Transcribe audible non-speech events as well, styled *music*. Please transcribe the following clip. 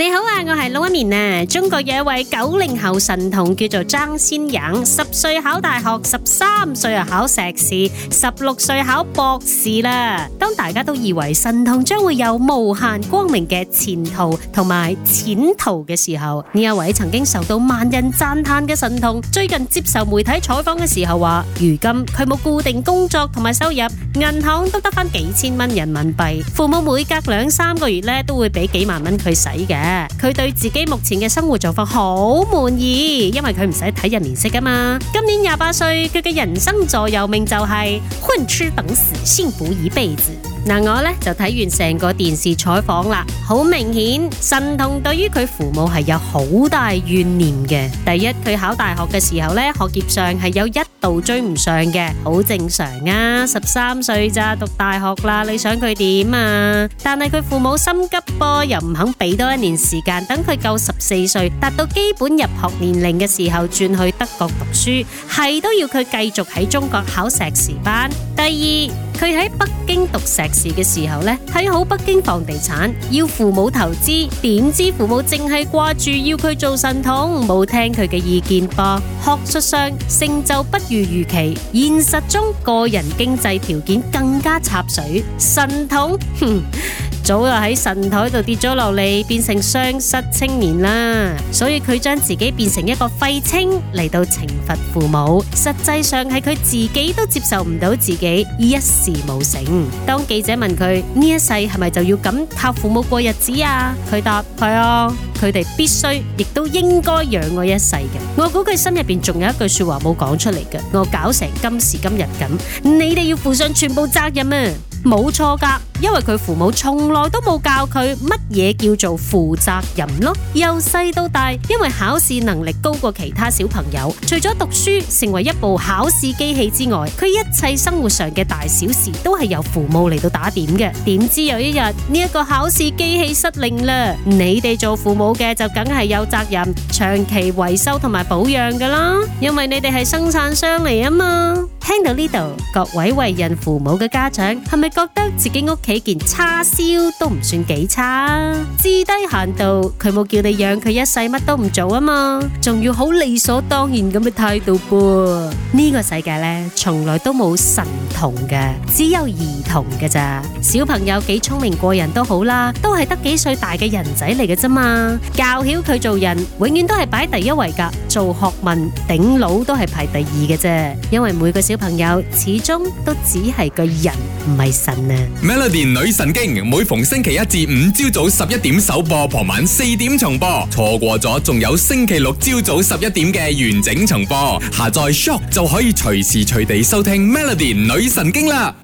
你好啊，我係老一年啊。中國有一位九零後神童叫做張先陽，十歲考大學，十三歲啊考碩士，十六歲考博士啦。當大家都以為神童將會有無限光明嘅前途同埋前途嘅時候，呢一位曾經受到萬人讚嘆嘅神童，最近接受媒體採訪嘅時候話，如今佢冇固定工作同埋收入，銀行都得返幾千蚊人民幣，父母每隔兩三個月咧都會俾幾萬蚊佢使嘅。佢對自己目前嘅生活狀況好滿意，因為佢唔使睇人臉色噶嘛。今年廿八歲，佢嘅人生座右銘就係、是、混吃等死，辛苦一輩子。嗱，我呢就睇完成個電視採訪啦，好明顯，神童對於佢父母係有好大怨念嘅。第一，佢考大學嘅時候呢，學業上係有一度追唔上嘅，好正常啊，十三歲咋，讀大學啦，你想佢點啊？但係佢父母心急噃、啊，又唔肯俾多一年。時間等佢夠十四歲，達到基本入學年齡嘅時候，轉去德國讀書，係都要佢繼續喺中國考碩士班。第二，佢喺北京讀碩士嘅時候呢，睇好北京房地產，要父母投資，點知父母淨係掛住要佢做神童，冇聽佢嘅意見。噃，學術上成就不如預期，現實中個人經濟條件更加插水，神童，哼。 *laughs* 早就喺神台度跌咗落嚟，變成雙失青年啦。所以佢將自己變成一個廢青嚟到懲罰父母。實際上係佢自己都接受唔到自己一事無成。當記者問佢呢一世係咪就要咁靠父母過日子啊？佢答：係啊，佢哋必須亦都應該養我一世嘅。我估佢心入邊仲有一句說話冇講出嚟嘅，我搞成今時今日咁，你哋要負上全部責任啊！冇錯噶，因為佢父母從來都冇教佢乜嘢叫做負責任咯。由細到大，因為考試能力高過其他小朋友，除咗讀書成為一部考試機器之外，佢一切生活上嘅大小事都係由父母嚟到打點嘅。點知有一日呢一個考試機器失靈啦，你哋做父母嘅就梗係有責任長期維修同埋保養噶啦，因為你哋係生產商嚟啊嘛。聽到呢度，各位為人父母嘅家長，係咪覺得自己屋企件叉燒都唔算幾差？至低限度，佢冇叫你養佢一世乜都唔做啊嘛，仲要好理所當然咁嘅態度噃？呢個世界呢，從來都冇神童嘅，只有兒童嘅咋？小朋友幾聰明過人都好啦，都係得幾歲大嘅人仔嚟嘅啫嘛。教曉佢做人，永遠都係擺第一位噶，做學問頂老都係排第二嘅啫，因為每個小。朋友始終都只係個人，唔係神啊！Melody 女神經每逢星期一至五朝早十一點首播，傍晚四點重播，錯過咗仲有星期六朝早十一點嘅完整重播。下載 shop 就可以隨時隨地收聽 Melody 女神經啦！